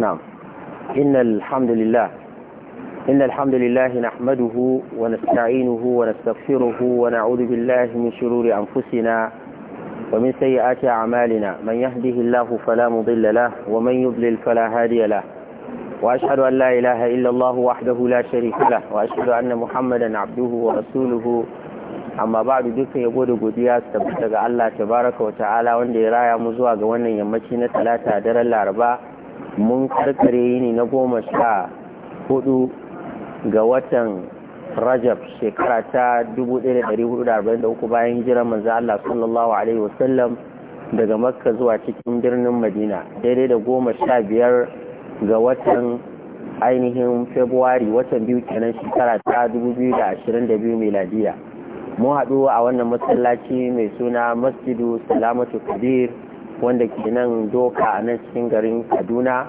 نعم إن الحمد لله إن الحمد لله نحمده ونستعينه ونستغفره ونعوذ بالله من شرور أنفسنا ومن سيئات أعمالنا من يهده الله فلا مضل له ومن يضلل فلا هادي له وأشهد أن لا إله إلا الله وحده لا شريك له وأشهد أن محمدا عبده ورسوله amma ba da dukkan yabo da godiya su tabbata ga Allah tabaraka wa ta'ala wanda ya raya mu zuwa ga wannan yammaci na talata daren laraba mun karkare yini na goma sha hudu ga watan rajab shekara ta 1443 bayan hijirar manzo Allah sallallahu alaihi wasallam daga makka zuwa cikin birnin madina daidai da goma sha biyar ga watan ainihin februari watan biyu kenan shekara ta 2022 miladiya mun haɗu a wannan masallaci mai suna masjidu salamatu kabir wanda ke nan doka a nan cikin garin kaduna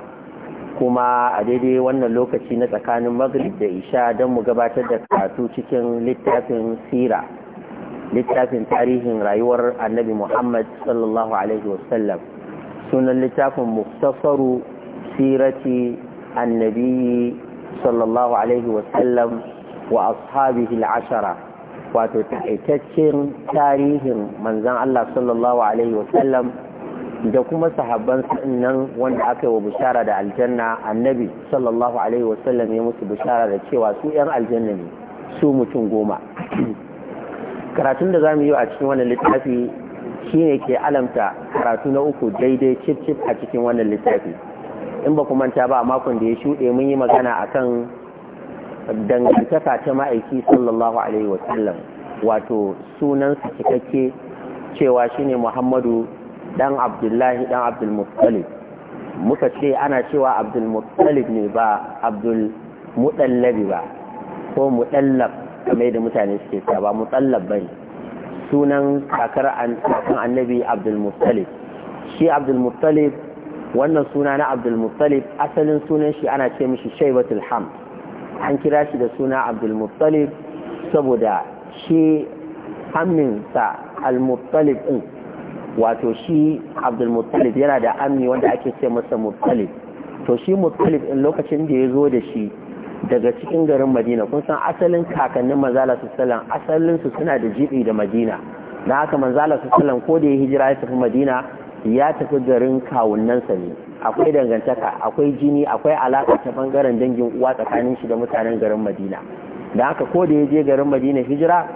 kuma a daidai wannan lokaci na tsakanin maghrib da isha don mu gabatar da karatu cikin littafin sira littafin tarihin rayuwar annabi muhammad sallallahu alaihi wasallam sunan littafin muktasaru sirati annabi sallallahu alaihi wasallam wa ashabihi al'ashara wato taitaccen tarihin manzan allah sallallahu alaihi wasallam da kuma sahabban nan wanda aka yi wa bishara da aljanna annabi sallallahu alaihi wasallam ya musu bishara da cewa su 'yan aljanna ne su mutum goma karatun da za mu yi a cikin wannan littafi shine ke alamta karatu na uku daidai cif cif a cikin wannan littafi in ba ku manta ba a makon da ya shuɗe mun yi magana akan dangantaka ta ma'aiki sallallahu alaihi wasallam sunansa cikakke cewa shine muhammadu dan abdullahi dan abdulmuttalib muka ce ana cewa abdulmuttalib ne ba abdulmutallabi ba ko muɗallab kamar da mutane suke cewa ba muɗallab bane sunan kakar annabi abdulmuttalib shi abdulmuttalib wannan suna na abdulmuttalib asalin sunan shi ana ce mishi shaibatul ham an kira shi da suna abdulmuttalib saboda shi hamminsa almuttalib din wato shi abdul yana da amni wanda ake ce masa muttalib to shi muttalib in lokacin da ya zo da shi daga cikin garin madina kun san asalin kakannin manzala su salam asalin su suna da jibi da madina na haka manzala su salam ko da ya hijira ya tafi madina ya tafi garin kawunnansa ne akwai dangantaka akwai jini akwai alaka ta bangaren dangin uwa tsakanin shi da mutanen garin madina da haka ko da ya je garin madina hijira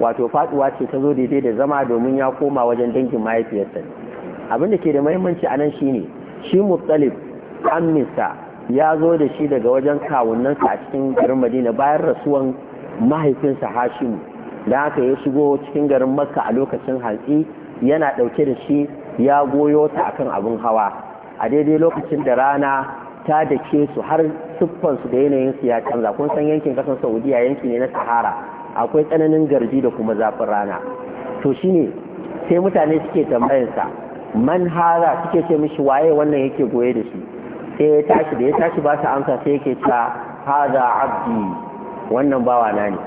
wato faduwa ce ta zo daidai da zama domin ya koma wajen dangin mahaifiyarsa abin da ke da muhimmanci a nan shine shi mutsalif amminsa ya zo da shi daga wajen kawunansa a cikin garin madina bayan rasuwan mahaifinsa hashimu da haka ya shigo cikin garin makka a lokacin hantsi yana ɗauke da shi ya goyo ta akan abin hawa a daidai lokacin da rana ta dake su har siffansu da yanayinsu ya canza kun san yankin ƙasar saudiya yanki ne na sahara akwai tsananin garji da kuma zafin rana to shine sai mutane suke tambayarsa man hara suke ce mishi waye wannan yake goye da shi sai ya tashi da ya tashi ba su amsa sai yake cewa haza abdi wannan bawa na ne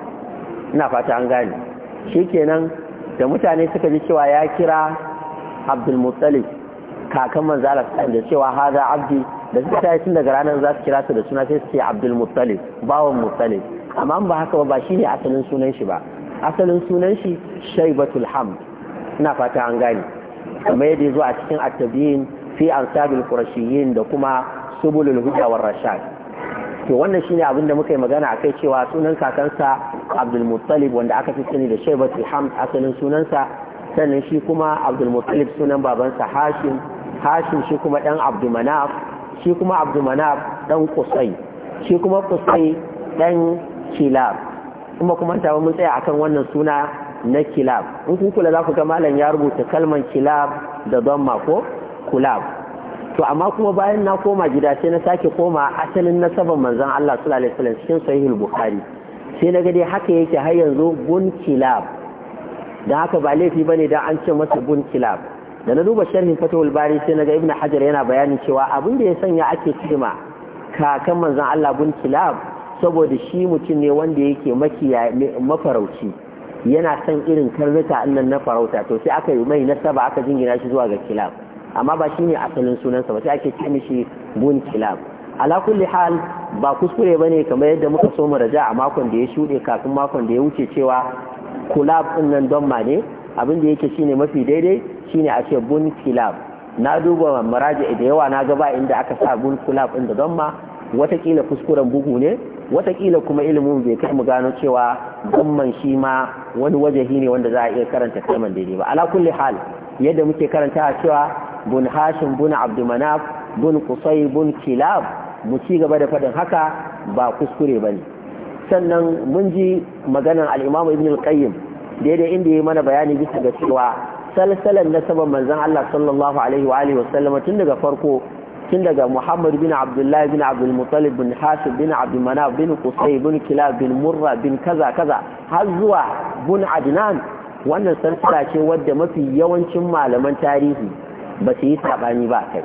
ina fata an gane shikenan da mutane suka ji cewa ya kira abdul muttalib kakan manzo Allah da cewa haza abdi da suka tashi tun daga ranar za su kira su da suna sai su ce abdul muttalib bawan muttalib amma ba haka ba shi ne asalin sunan shi ba asalin sunan shi shaibatul hamd ina fata an gane kamar yadda ya zo a cikin attabiyin fi ansabil qurashiyyin da kuma subulul huda war rashad to wannan shine abin da muka yi magana akai cewa sunan kakansa abdul muttalib wanda aka fi sani da shaibatul hamd asalin sunansa sannan shi kuma abdul muttalib sunan babansa hashim hashim shi kuma dan abdul manaf shi kuma abdul manaf dan qusay shi kuma qusay dan kilab kuma kuma ta mun tsaya akan wannan suna na kilab in kun kula za ku ga malam ya rubuta kalman kilab da damma ko kulab to amma kuma bayan na koma gida sai na sake koma asalin nasaban manzon Allah sallallahu alaihi wasallam cikin sahihul bukhari sai na ga dai haka yake har yanzu gun kilab da haka ba laifi bane da an ce masa gun kilab da na duba sharhin fatahul bari sai na ga ibnu hajar yana bayanin cewa abin da ya sanya ake cima kakan manzon Allah gun kilab saboda shi mutum ne wanda yake mafarauci yana son irin karnuka annan na farauta to sai aka yi mai nasaba aka jingina shi zuwa ga kilab amma ba shine asalin sunansa ba sai ake ce shi bun kilab ala kulli hal ba kuskure ba ne kamar yadda muka so mu raja a makon da ya shuɗe kafin makon da ya wuce cewa kulab din nan don ma ne abin da yake shine mafi daidai shine a ce bun kilab na duba maraji da yawa na gaba inda aka sa bun kulab din da don ma watakila kuskuren bugu ne watakila kuma ilimin bai kai mu gano cewa musamman shi ma wani wajahi ne wanda za a iya karanta kalmar daidai ba ala kulli hal yadda muke karanta cewa bun hashim bun abdumanaf bun qusay bun kilab mu ci gaba da fadin haka ba kuskure ba ne. sannan mun ji maganar al-imam ibn al-qayyim daidai inda yayi mana bayani bisa ga cewa salsalan nasaban manzon Allah sallallahu alaihi wa alihi wa sallam tun daga farko tun daga muhammad bin abdullahi bin abdulmutalib bin hasib bin abdulmanaf bin kusai bin kila bin murra bin kaza kaza har zuwa bin adnan wannan sarsila ce wadda mafi yawancin malaman tarihi ba su yi saɓani ba kai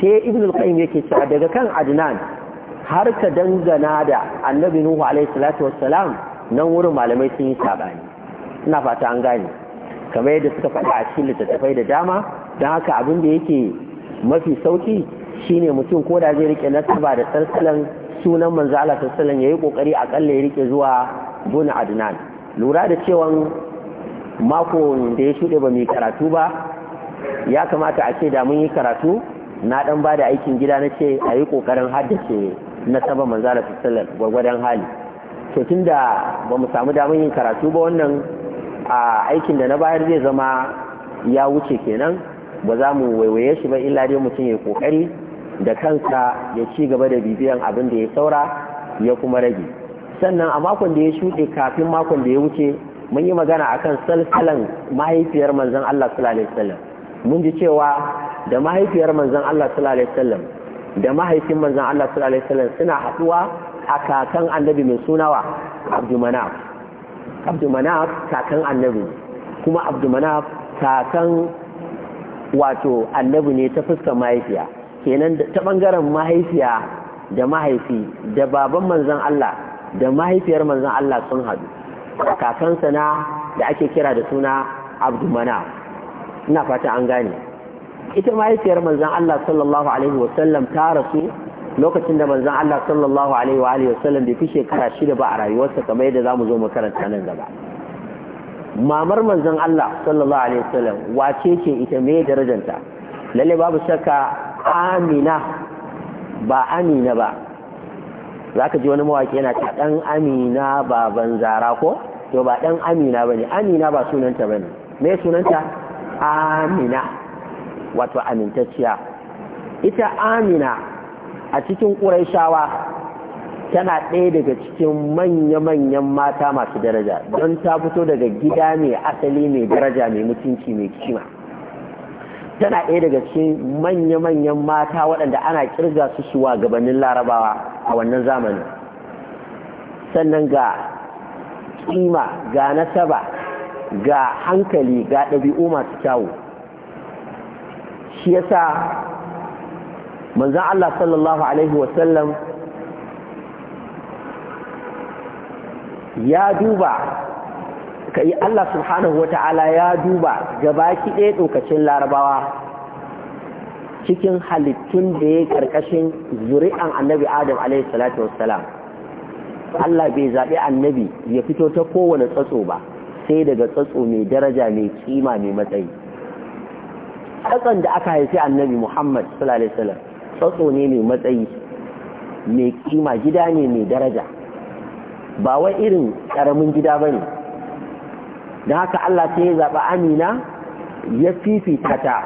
sai ibn qayyim yake cewa daga kan adnan har ka dangana da annabi nuhu alaihi salatu wassalam nan wurin malamai sun yi saɓani ina fata an gane kamar yadda suka faɗa a cikin littattafai da dama don haka abin da yake mafi sauki shine mutum ko da zai rike nasaba da sarsalan sunan manzo Allah sallallahu yayi kokari akalla ya rike zuwa bun adnan lura da cewa mako da ya shuɗe ba mai karatu ba ya kamata a ce da mun yi karatu na dan ba da aikin gida na ce a yi kokarin haddace nasaba manzo Allah sallallahu hali to tunda ba mu samu damar yin karatu ba wannan a aikin da na bayar zai zama ya wuce kenan ba za mu waiwaye shi ba illa dai mutum ya kokari da kansa ya ci gaba da bibiyan abin da ya saura ya kuma rage sannan a makon da ya shuɗe kafin makon da ya wuce mun yi magana akan salsalan mahaifiyar manzon Allah sallallahu alaihi wasallam mun ji cewa da mahaifiyar manzon Allah sallallahu alaihi wasallam da mahaifin manzon Allah sallallahu alaihi wasallam suna haɗuwa a kakan annabi mai sunawa Abdulmanaf Abdulmanaf kakan annabi kuma Abdulmanaf kakan wato annabi ne ta fuskar mahaifiya kenan ta bangaren mahaifiya da mahaifi da baban manzon Allah da mahaifiyar manzon Allah sun hadu kakansa na da ake kira da suna Abdumana ina fata an gane ita mahaifiyar manzon Allah sallallahu alaihi wasallam ta rasu lokacin da manzon Allah sallallahu alaihi wa alihi wasallam bai fi shekara shida ba a rayuwarsa kamar yadda zamu zo mu karanta nan gaba mamar manzon Allah sallallahu alaihi wasallam wace ce ita me darajanta lalle babu shakka Amina ba Amina ba zaka ji wani mawaki yana ta dan Amina ba banzara ko to ba dan Amina bane Amina ba sunanta bane me sunanta Amina wato amintacciya ita Amina a cikin Qurayshawa tana ɗaya daga cikin manya-manyan mata masu daraja don ta fito daga gida mai asali mai daraja mai mutunci mai kima tana ɗaya daga cikin manya-manyan mata waɗanda ana ƙirga su suwa gabanin larabawa a wannan zamani, sannan ga kima ga nasaba ga hankali ga ɗabi'u masu kyawu shi yasa manzan Allah sallallahu alaihi wasallam ya duba ka yi Allah subhanahu wa ta'ala ya duba gaba ki ɗaya ɗaukacin larabawa cikin halittun da ya ƙarƙashin zuri'an annabi Adam wassalam Allah bai zaɓi annabi ya fito ta kowane tsatso ba sai daga tsatso mai daraja mai kima mai matsayi tsatson da aka haifi annabi Muhammad sallallahu tsatso ne mai matsayi mai kima gida ne mai daraja ba wai irin ƙaramin gida ba ne da haka Allah sai ya zaɓa amina ya fifita ta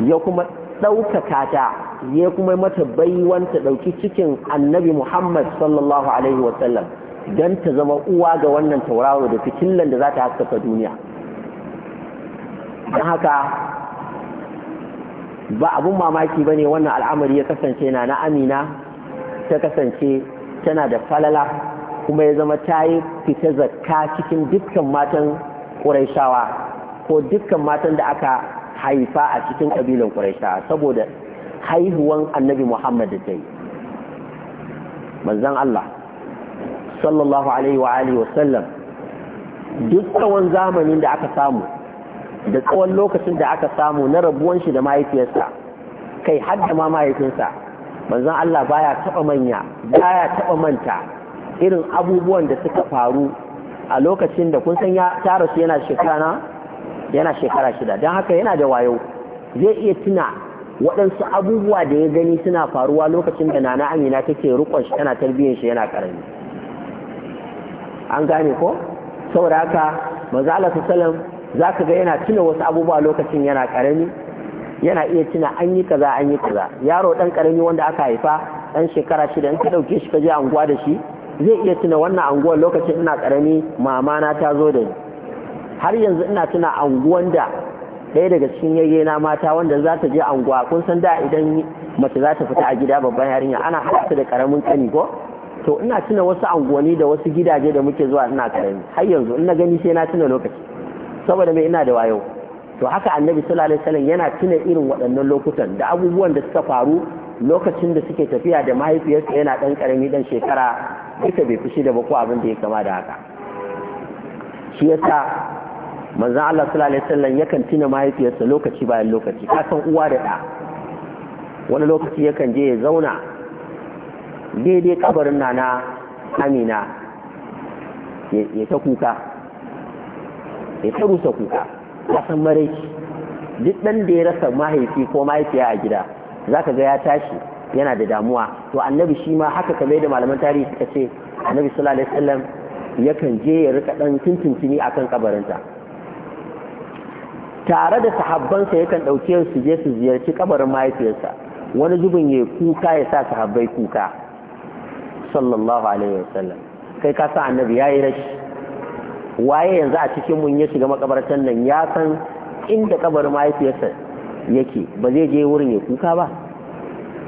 ya kuma ɗaukaka ta ya kuma mata baiwan ta ɗauki cikin annabi Muhammad sallallahu Alaihi wasallam don ta zama uwa ga wannan tauraro da fitillan da za ta haskaka duniya don haka ba abun mamaki ba ne wannan al'amari ya kasance na na amina ta kasance tana da falala kuma ya zama ta yi fita zakka cikin dukkan matan ƙuraishawa ko dukkan matan da aka haifa a cikin ƙabilan ƙuraishawa saboda haihuwan annabi Muhammad da ta yi manzan Allah sallallahu alaihi wa alihi wa sallam dukkan zamanin da aka samu da tsawon lokacin da aka samu na rabuwan shi da mahaifiyarsa kai har da ma mahaifinsa manzan Allah baya taɓa manya baya taɓa manta irin abubuwan da suka faru a lokacin da kun san ya tara su yana shekara yana shekara shida don haka yana da wayo zai iya tuna waɗansu abubuwa da ya gani suna faruwa lokacin da nana amina take rukon shi tana tarbiyyar shi yana karami an gane ko saboda haka manzo salam za ka ga yana tuna wasu abubuwa lokacin yana karami yana iya tuna an yi kaza an yi kaza yaro dan karami wanda aka haifa ɗan shekara shida in ka ɗauke shi ka je anguwa da shi zai iya tuna wannan anguwar lokacin ina karami mamana ta zo da ni har yanzu ina tuna anguwan da ɗaya daga cikin yayye na mata wanda za ta je anguwa kun san da idan mace za ta fita a gida babban yarinya ana haɗa da karamin kani ko to ina tuna wasu anguwanni da wasu gidaje da muke zuwa ina karami har yanzu ina gani sai na tuna lokaci saboda mai ina da wayo to haka annabi sallallahu alaihi wasallam yana tuna irin waɗannan lokutan da abubuwan da suka faru lokacin da suke tafiya da mahaifiyarsa yana ɗan ƙarami ɗan shekara duka bai fushi da ba ko abin da ya kama da haka shi yasa manzon Allah sallallahu alaihi wasallam yakan tuna mahaifiyarsa lokaci bayan lokaci ka san uwa da ɗa wani lokaci yakan je ya zauna daidai kabarin nana amina ya ta kuka ya ta rusa kuka ka san maraici duk ɗan da ya rasa mahaifi ko mahaifiya a gida zaka ga ya tashi yana da damuwa to annabi shi ma haka kamar da malaman tarihi suka ce annabi sallallahu alaihi wasallam yakan je ya rika dan tuntuntuni akan kabarinsa tare da sahabbansa yakan dauke su je su ziyarci kabarin mahaifiyarsa wani zubin ya kuka ya sa sahabbai kuka sallallahu alaihi wasallam kai ka sa annabi yayi rashi waye yanzu a cikin mun ya shiga makabartan nan ya san inda kabarin mahaifiyarsa yake ba zai je wurin ya kuka ba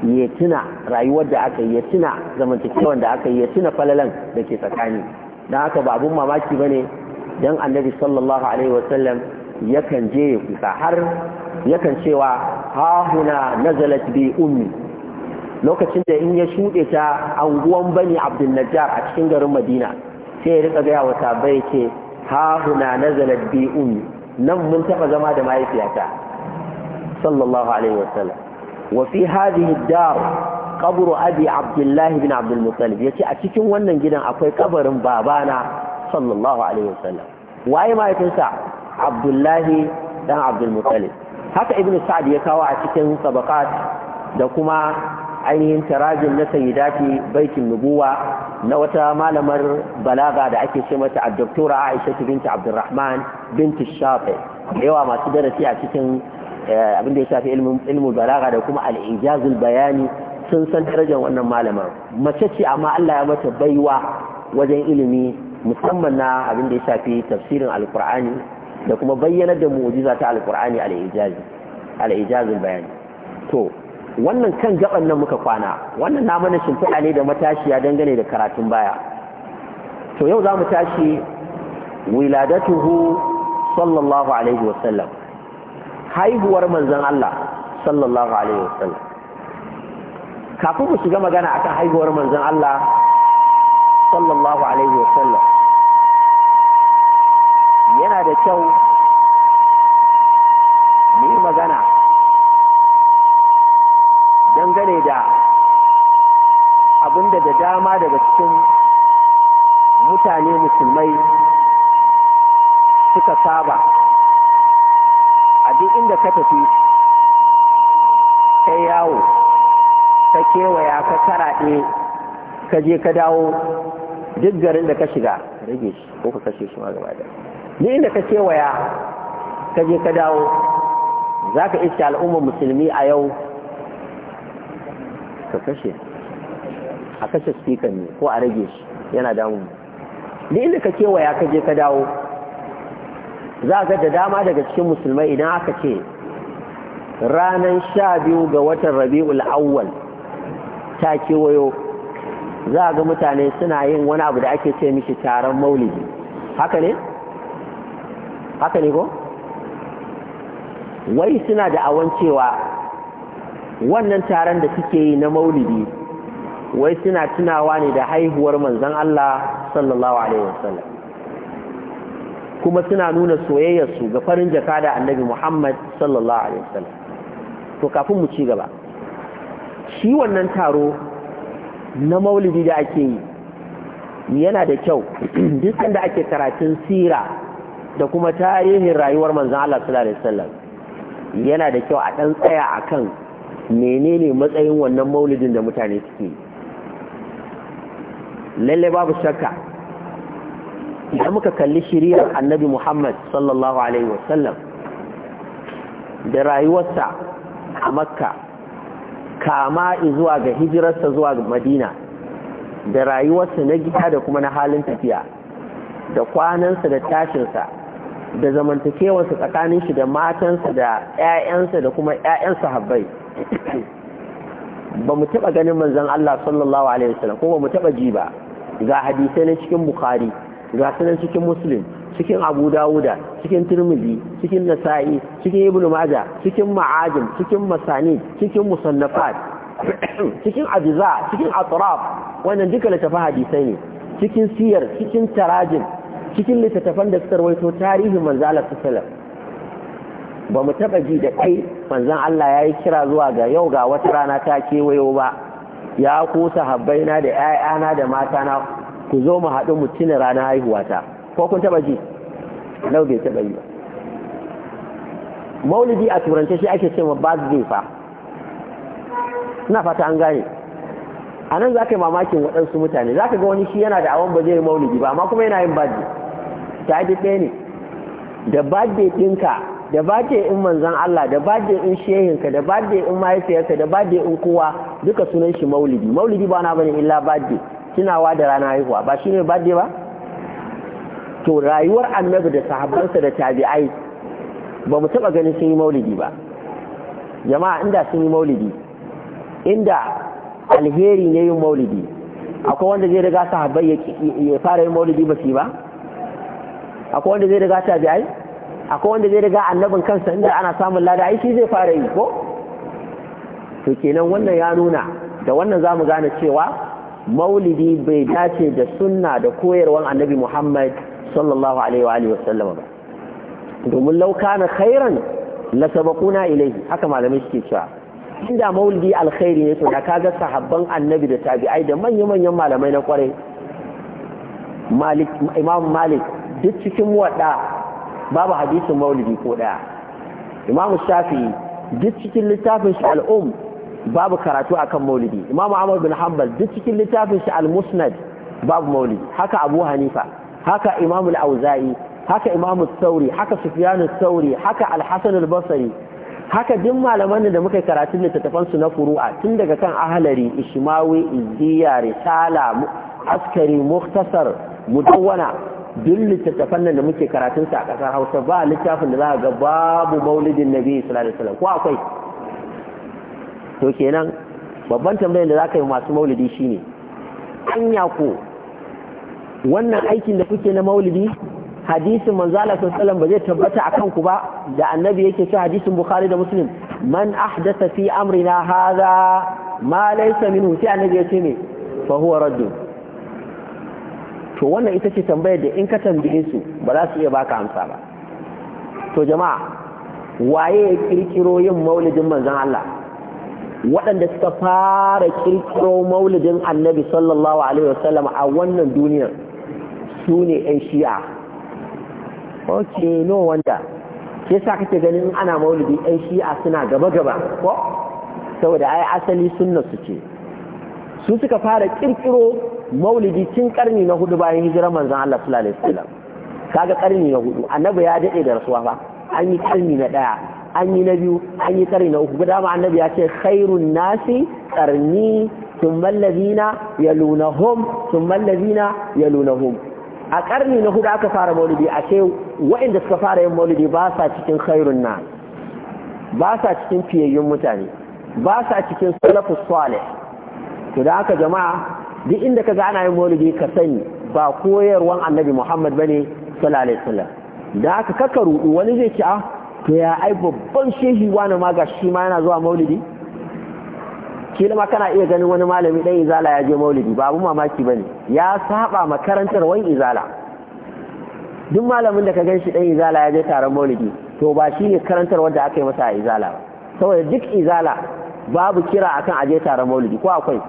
ya tuna rayuwar da aka yi ya tuna zamantakewan da aka yi ya tuna falalan da ke tsakani don haka ba abun mamaki ba ne don annabi sallallahu alaihi wasallam yakan je ya kusa har yakan cewa hahuna nazalat bi ummi lokacin da in ya shuɗe ta anguwan bani abdul a cikin garin madina sai ya rika gaya wa sabai ce hahuna nazalat bi ummi nan mun taɓa zama da mahaifiyata sallallahu alaihi wasallam وفي هذه الدار قبر أبي عبد الله بن عبد المطلب يتي أتكن ونن جدا أكوي قبر بابانا صلى الله عليه وسلم وأي ما يتنسى عبد الله بن عبد المطلب haka ibn sa'ad ya kawo a cikin sabaqat da kuma ainihin tarajin na sayyidati baitin nubuwa na wata malamar balaga da ake ce mata ad-doktora Aisha binti Abdurrahman binti Shafi yawa masu darasi a cikin Eh, abin da ya shafi ilmin balaga da kuma al bayani sun san darajar wannan malama mace ce amma Allah ya mata baiwa wajen ilimi musamman na abin da ya shafi tafsirin alkur'ani da kuma bayyanar da mu'jiza ta alkur'ani al-ijazi bayani to wannan kan gaban nan muka kwana wannan na mana shimfiɗa ne da matashiya dangane da karatun baya to yau za mu tashi wiladatuhu sallallahu alaihi wasallam haihuwar manzan Allah sallallahu alaihi wasallam kafin mu shiga magana akan haihuwar manzan Allah sallallahu alaihi wasallam yana da kyau mu yi magana gane da abinda da dama daga cikin mutane musulmai suka saba duk inda ka tafi sai yawo ka kewaya ka karaɗe ka je ka dawo duk garin da ka shiga rage shi ko ka kashe shi ma gaba da duk inda ka kewaya ka je ka dawo za ka iske al'ummar musulmi a yau ka kashe a kashe spikan ne ko a rage shi yana damu duk inda ka kewaya ka je ka dawo za ga da dama daga cikin musulmai idan aka ce ranar sha biyu ga watan rabi'ul awwal ta kewayo za ga mutane suna yin wani abu da ake ce mishi taron maulidi haka ne? haka ne ko? wai suna da awon cewa wannan taron da suke yi na maulidi wai suna tunawa ne da haihuwar manzon Allah sallallahu alaihi wasallam kuma suna nuna soyayyarsu ga farin jaka da annabi Muhammad sallallahu alaihi wasallam to kafin mu ci gaba shi wannan taro na maulidi da ake yi yana da kyau dukkan da ake karatun sira da kuma tarihin rayuwar manzan Allah sallallahu alaihi wasallam yana da kyau a ɗan tsaya akan menene matsayin wannan maulidin da mutane suke lalle babu shakka idan muka kalli shiriyar annabi Muhammad sallallahu Alaihi wasallam da rayuwarsa a makka kama zuwa ga hijirarsa zuwa madina da rayuwarsa na gida da kuma na halin tafiya da kwanansa da tashinsa da zamantakewarsa tsakanin shi da matansa da 'ya'yansa da kuma 'ya'yansa habbai ba mu taɓa ganin manzan Allah sallallahu Alaihi wasallam ko ba mu taɓa ji ba ga hadisai na cikin Bukhari ga cikin muslim cikin abu dawuda cikin turmudi cikin nasa'i cikin ibnu maja cikin ma'ajim cikin masani cikin musannafat cikin ajiza cikin atraf wannan duka littafin hadisai ne cikin siyar cikin tarajin cikin littattafan da suka rawaito tarihin manzo Allah ba mu taba ji da kai manzon Allah yayi kira zuwa ga yau ga wata rana ta kewayo ba ya ku sahabbaina da 'ya'yana da matana ku zo mu haɗu mu tuna ranar haihuwata ko kun taɓa ji lau bai taɓa yi ba maulidi a turance shi ake cewa zai fa ina fata an gane a nan za ka yi mamakin waɗansu mutane za ka ga wani shi yana da awon ba zai yi maulidi ba amma kuma yana yin birthday ta yi ɗaya ne da ba ɗinka da birthday in manzan Allah da birthday in shehinka da birthday in mahaifiyarka da birthday in kowa duka sunan shi maulidi maulidi ba na bane illa birthday tunawa da rana haihuwa ba shi birthday ba to rayuwar annabi da sahabbansa da tabi'ai ba mu taba ganin sun yi maulidi ba jama'a inda sun yi maulidi inda alheri ne yin maulidi akwai wanda zai riga sahabbai ya fara yin maulidi ba su ba akwai wanda zai riga tabi'ai akwai wanda zai riga annabin kansa inda ana samun lada aiki zai fara yi ko to kenan wannan ya nuna da wannan za mu gane cewa maulidi bai dace da sunna da koyarwan annabi muhammad sallallahu alaihi wa sallam ba domin lauka na khairan la sabaquna ilaihi haka malamai suke cewa inda maulidi alkhairi ne to da kaga sahabban annabi da tabi'ai da manyan manyan malamai na kwarai malik imam malik duk cikin wada babu hadisin maulidi ko daya imam shafi'i duk cikin littafin shi al'um babu karatu akan maulidi imam ahmad bin hanbal duk cikin littafin shi al-musnad babu maulidi haka abu hanifa haka imam al-auza'i haka imam Sauri, haka Sufiyanu Sauri, haka al-hasan al-basri haka duk malaman da muka karatu littattafan su na furu'a tun daga kan ahlari ishmawi izziya risala askari mukhtasar mudawwana duk littattafan nan da muke karatun sa a kasar Hausa ba littafin da za ga babu maulidin nabi sallallahu alaihi wasallam ko akwai to kenan babban tambayar da za ka yi masu maulidi shine an ko wannan aikin da kuke na maulidi hadisin Manzala sallallahu ba zai tabbata a kanku ba da annabi yake cewa hadisin bukhari da muslim man ahdatha fi amrina hadha ma laysa minhu sai annabi ya ce me fa huwa to wannan ita ce tambayar da in ka tambaye su ba za su iya baka amsa ba to jama'a waye ya kirkiro yin maulidin Manzan Allah waɗanda suka fara kirkiro maulidin annabi sallallahu alaihi wasallam a wannan duniyar su ne 'yan shi'a ok no wanda ke sa kake ganin ana maulidi 'yan shi'a suna gaba-gaba ko saboda ai asali sunna su ce su suka fara kirkiro maulidi tun karni na hudu bayan hijirar manzon Allah sallallahu alaihi wasallam kaga karni na hudu annabi ya dade da rasuwa fa an yi karni na daya an yi na biyu an yi tsari na uku ma annabi ya ce khairun nasi karni thumma allazina yalunahum ya luna yalunahum a karni na hudu aka fara maulidi a ce waɗanda suka fara yin maulidi ba sa cikin khairun na ba sa cikin fiyayyun mutane ba sa cikin salafus salih to da aka jama'a duk inda ka ga ana yin maulidi ka sani ba koyarwan annabi Muhammad bane sallallahu alaihi wasallam da haka kaka wani zai ci a ah, to ya ai babban shehi wani ma ga shi ma yana zuwa maulidi ke ma kana iya ganin wani malami dan izala ya je maulidi ba mamaki bane ya saba makarantar wani izala duk malamin da ka gan shi dan izala ya je taron maulidi to ba shi ne karantar wanda aka yi masa a izala saboda duk izala babu kira akan aje taron maulidi ko akwai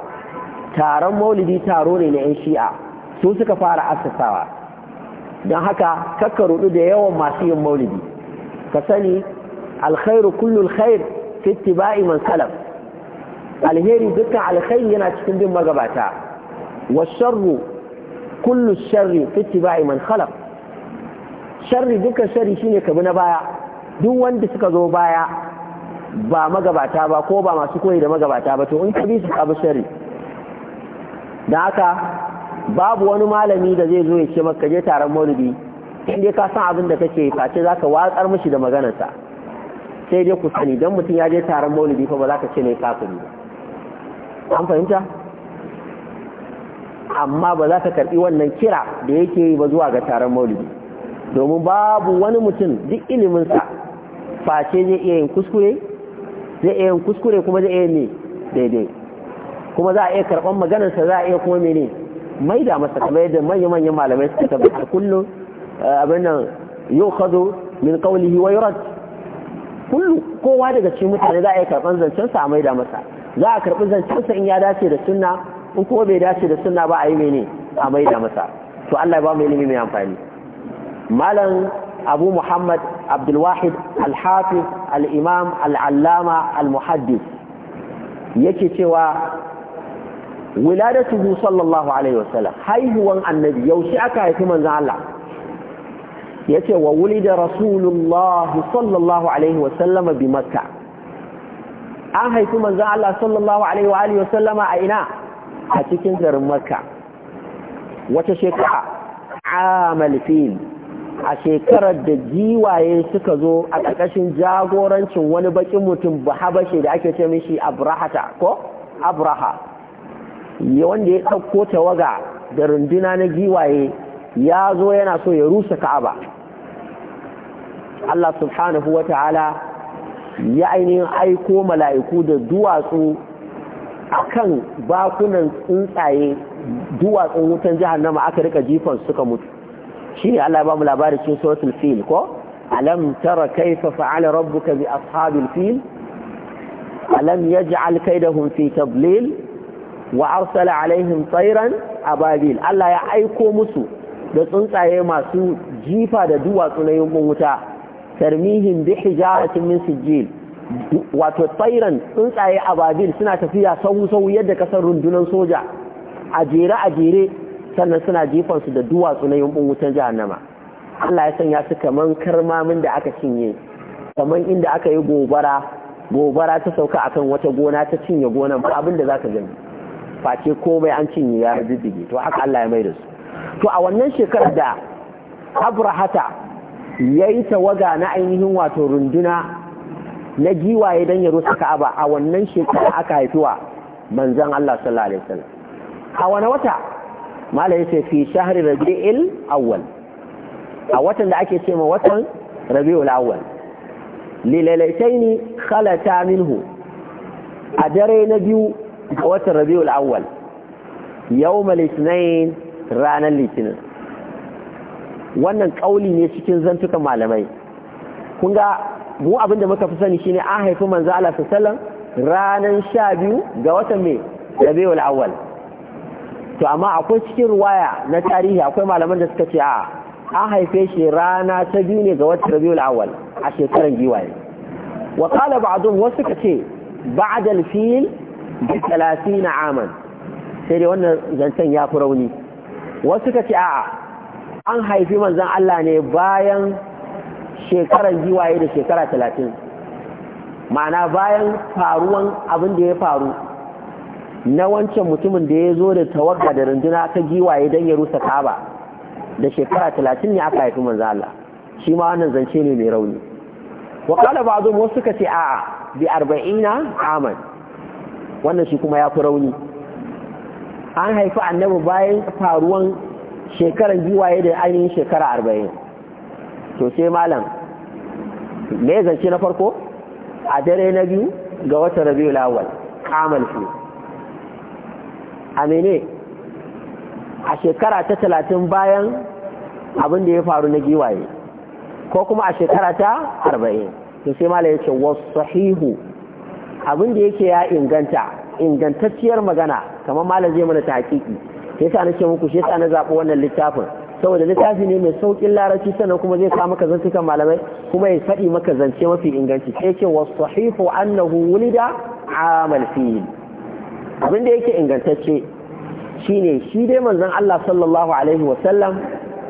taron maulidi taro ne na yan shi'a su suka fara assasawa don haka kakka rudu da yawan masu yin maulidi ka sani alkhairu kullul khair fi ittiba'i man salaf alheri dukkan alkhairi yana cikin bin magabata sharru kullu sharri fi ittiba'i man khalaf sharri dukkan sharri shine kabi na baya duk wanda suka zo baya ba magabata ba ko ba masu koyi da magabata ba to in ka bi su abu sharri da haka babu wani malami da zai zo ya ce maka je taron maulidi dai ka san abin da kake yi face za ka watsar mishi da maganarsa sai dai ku sani don mutum ya je taron maulidi fa ba za ka ce mai kafiri ba an fahimta amma ba za ka karbi wannan kira da yake yi ba zuwa ga taron maulidi domin babu wani mutum duk iliminsa face zai iya yin kuskure zai iya yin kuskure kuma zai iya ne daidai kuma za a iya karɓar maganarsa za a iya kuma mene mai da masa kamar yadda manya-manyan malamai suka tabbatar kullum abin nan yau kazo min kaulihi wa yurad kullu kowa daga cikin mutane za a yi karɓar zancensa a maida masa za a karɓi zancensa in ya dace da sunna in kuma bai dace da sunna ba a yi mene a maida masa to Allah ya ba mu ilimi mai amfani malam abu muhammad abdulwahid al-hafiz al-imam al-allama al-muhaddis yake cewa wiladatuhu sallallahu alaihi wasallam haihuwan annabi yaushe aka haifi manzon Allah ya ce wa wuli da rasulullah sallallahu alaihi wasallama bi makka an haifi manzan Allah sallallahu alaihi wasallama a ina a cikin garin makka wata shekara amal a shekarar da giwaye suka zo a ƙarƙashin jagorancin wani bakin mutum ba bahabashe da ake ce mishi abrahata ko abraha wanda ya ɗauko tawaga da runduna na giwaye ya zo yana so ya rusa ka'aba Allah subhanahu wa ta'ala ya ainihin aiko mala'iku da duwatsu a kan bakunan tsuntsaye duwatsun wutan jahannama aka rika jifan suka mutu shi ne Allah ba mu labari cikin suratul fil ko alam tara kaifa fa'ala rabbuka bi ashabil fil alam yaj'al da fi tadlil wa arsala alaihim tsairan ababil Allah ya aiko musu da tsuntsaye masu jifa da duwatsu na wuta tarmihin bi hijaratin min sijil wato tsairan tsuntsaye a babil suna tafiya sau sau yadda kasar rundunan soja a jere a jere sannan suna jifan su da duwatsu na yumbun wutan jahannama Allah ya sanya su kaman karmamin da aka cinye kaman inda aka yi gobara gobara ta sauka akan wata gona ta cinye gonan ba abin da zaka gani face komai an cinye ya rubuge to haka Allah ya mai da su to a wannan shekarar da abrahata ya yi tawaga na ainihin wato runduna na giwaye don ya rusa ka'aba a wannan shekarar aka haifiwa manzan Allah sallallahu alaihi wasallam a wani wata malai ya fi shahri rabi'il awwal a watan da ake ma watan rabi'ul awwal lilalaitaini khalata minhu a dare na biyu ga watan rabi'ul awwal yawm ranar litinin wannan ƙauli ne cikin zantukan malamai kun ga mu abinda muka fi sani shine an haifi manzo Allah sallallahu ranar sha biyu ga watan mai rabiul awwal to amma akwai cikin ruwaya na tarihi akwai malaman da suka ce a an haife shi rana ta biyu ne ga watan rabiul awwal a shekaran giwaye wa qala ba'dhum wasu suka ce ba'da al-fil bi 30 aman sai dai wannan zantan ya fi rauni wasu ka ce a'a an haifi manzan Allah ne bayan shekarar giwaye da shekara talatin ma'ana bayan faruwan abin da ya faru na wancan mutumin da ya zo da tawaka da runduna ta giwaye don ya rusa kaba da shekara talatin ne aka haifi manzan Allah shi ma wannan zance ne mai rauni wa ba zo wasu ka ce a'a bi arba'ina aman wannan shi kuma ya fi rauni an haifi annabi bayan faruwan shekarar giwaye da ainihin shekara arba'in to sai malam me zance na farko a dare na biyu ga watan rabiu lawal kamal fi a mene a shekara ta talatin bayan abin da ya faru na giwaye ko kuma a shekara ta arba'in to sai malam ya ce wasu sahihu abin da yake ya inganta ingantacciyar magana kamar malam zai mana ta hakiki sai sa nake muku shi sa na zaɓi wannan littafin saboda littafi ne mai saukin larabci sannan kuma zai samu maka zantukan malamai kuma ya faɗi maka zance mafi inganci sai ce wa sahihu annahu wulida amal fil abin da yake ingantacce shine shi dai manzon Allah sallallahu alaihi wa sallam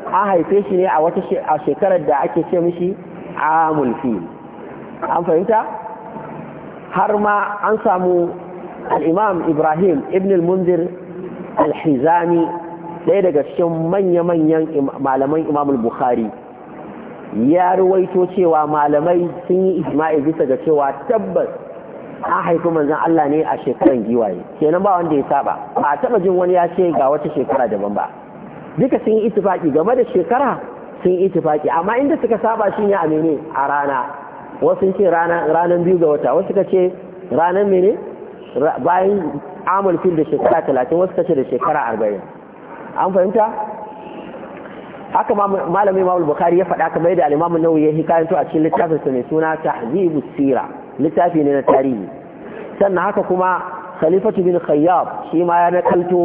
an haife shi ne a wata shekarar da ake ce mishi amul fil an fahimta har ma an samu al'imam ibrahim ibn al-mundir al-hizami ɗaya daga cikin manya-manyan malaman imam bukhari ya ruwaito cewa malamai sun yi ijma'i bisa ga cewa tabbas an haifi manzan Allah ne a shekaran giwaye kenan ba wanda ya saba ba a taba jin wani ya ce ga wata shekara daban ba duka sun yi itifaki game da shekara sun yi itifaki amma inda suka saba shi ne a mene a rana wasu ce ranar biyu ga wata wasu suka ce ranar mene bayan amul fil da shekara talatin wasu kace da shekara arba'in an fahimta haka malami imam bukhari ya faɗa kamar yadda da imam an-nawawi ya hikayanto a cikin littafin sa mai suna tahzibu sira littafi ne na tarihi sannan haka kuma khalifatu bin khayyab shi ma ya nakalto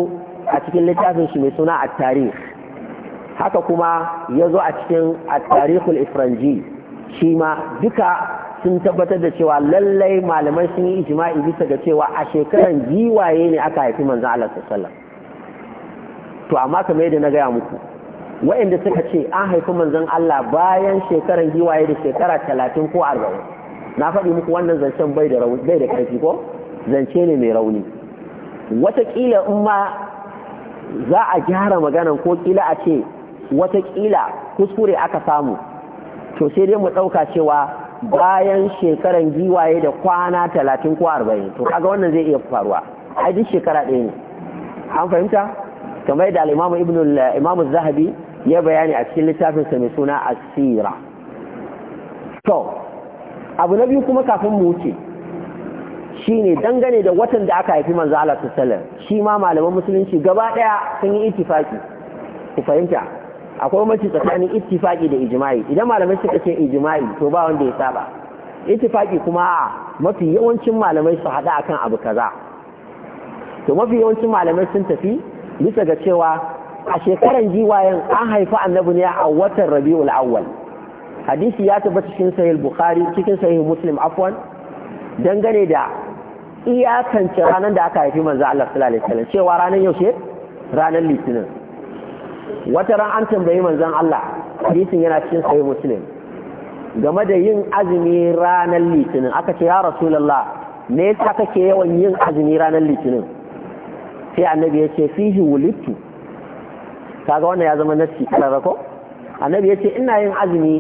a cikin littafin shi mai suna at-tarikh haka kuma ya zo a cikin at-tarikhul ifranji shi ma duka sun tabbatar da cewa lallai malamai sun yi ijma'i bisa ga cewa a shekaran giwaye ne aka haifi manzo Allah sallallahu to amma kamar yadda na gaya muku wa'inda suka ce an haifi manzon Allah bayan shekaran giwaye da shekara talatin ko arba'in na faɗi muku wannan zancen bai da bai da ƙarfi ko zance ne mai rauni wataƙila in ma za a gyara magana ko ƙila a ce wataƙila kuskure aka samu to sai dai mu ɗauka cewa bayan shekaran giwaye da kwana talatin ko arba'in to kaga wannan zai iya faruwa ai duk shekara ɗaya ne an fahimta kamar yadda al'imamu ibnu imamu zahabi ya bayani a cikin littafin sa mai suna asira to abu na biyu kuma kafin mu wuce shine dangane da watan da aka haifi manzo Allah sallallahu alaihi wasallam shi ma malaman musulunci gaba ɗaya sun yi ittifaki ku fahimta akwai mace tsakanin ittifaki da ijimai idan malamai suka ce ijma'i to ba wanda ya saba ittifaki kuma mafi yawancin malamai su hada akan abu kaza to mafi yawancin malamai sun tafi bisa ga cewa a shekaran jiwayen an haifi annabi ne a watan rabi'ul awwal hadisi ya tabbata cikin sahih bukhari cikin sahih muslim afwan dangane da iyakance ranar da aka haifi manzo Allah sallallahu alaihi wasallam cewa ranar yaushe ranar litinin wata ran an tambayi manzon Allah hadisin yana cikin sahih muslim game da yin azumi ranar litinin aka ce ya rasulullah me yasa kake yawan yin azumi ranar litinin sai annabi ya ce fihi wulittu kaga wannan ya zama nasi kalar ko annabi ya ce ina yin azumi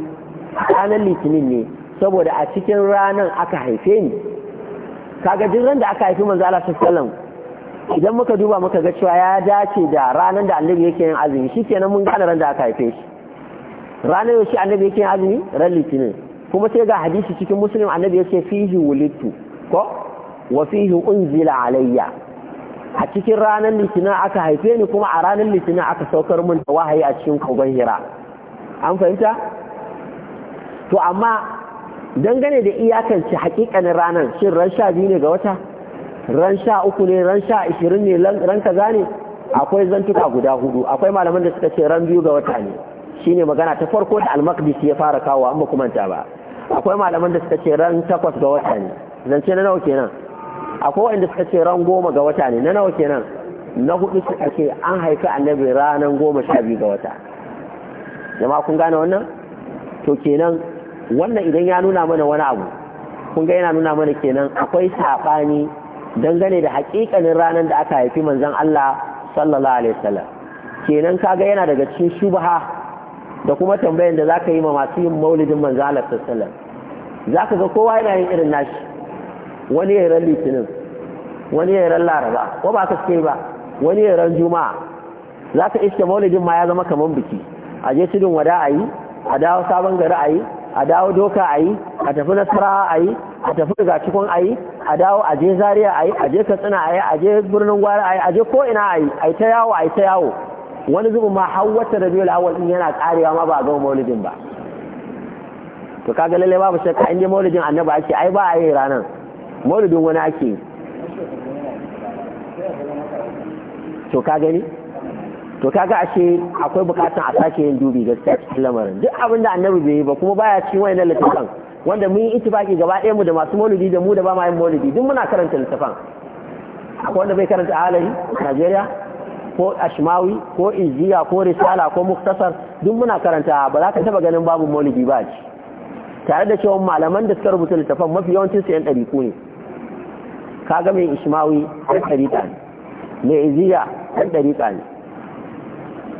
ranar litinin ne saboda a cikin ranar aka haife ni kaga duk ran da aka haifi manzo Allah sallallahu alaihi wasallam idan muka duba muka ga cewa ya dace da ranar da annabi yake yin azumi shikenan mun gane ran da aka haife shi ranar yau shi annabi yake yin azumi ran litinin kuma sai ga hadisi cikin muslim annabi yake fihi wulitu ko wa fihi unzila alayya a cikin ranar litinin aka haife ni kuma a ranar litinin aka saukar mun da wahayi a cikin kogon hira an fahimta to amma dangane da iyakance hakikanin ranar shin ran sha biyu ne ga wata ran sha uku ne ran sha ishirin ne ran kaza ne akwai zantuka guda hudu akwai malaman da suka ce ran biyu ga wata ne shine magana ta farko da al-maqdisi ya fara kawo amma kuma ta ba akwai malaman da suka ce ran takwas ga wata ne zance na nawa kenan akwai wanda suka ce ran goma ga wata ne na nawa kenan na hudu suka ce an haifi annabi ranan goma sha biyu ga wata jama'a kun gane wannan to kenan wannan idan ya nuna mana wani abu kun ga yana nuna mana kenan akwai saɓani dangane da haƙiƙanin ranar da aka haifi manzon Allah sallallahu alaihi wasallam kenan kaga yana daga cikin shubha da kuma tambayar da zaka yi ma masu yin maulidin manzon Allah sallallahu alaihi wasallam zaka ga kowa yana yin irin nashi wani ya ran litinin wani ya ran laraba ko ba ka suke ba wani ya ran juma'a zaka iske maulidin ma ya zama kamar biki a je tudun wada a yi a dawo sabon gari a yi a dawo doka a yi a tafi nasarawa a yi a tafi daga cikin a yi a dawo a je zaria a yi a je katsina a yi a je birnin gwari a yi a je ko'ina a yi a yi ta yawo a yi ta yawo wani zubin ma har wata biyu awwal din yana karewa ma ba a gama maulidin ba to kaga lalle babu shakka in je maulidin annabi ake ai ba a yi ranar maulidin wani ake to ka gani to kaga ashe akwai bukatan a sake yin dubi gaskiya cikin lamarin duk abin da annabi bai yi ba kuma baya cikin wayannan littafan wanda mun yi ittifaki gaba ɗaya mu da masu maulidi da mu da ba ma yin maulidi duk muna karanta littafan akwai wanda bai karanta alayi Najeriya ko ashmawi ko injiya ko risala ko muktasar duk muna karanta ba za ka taba ganin babu maulidi ba ci tare da cewa malaman da suka rubuta littafan mafi yawancin su yan ɗariku ne kaga mai ishmawi yan ɗariƙa ne mai iziya yan ɗariƙa ne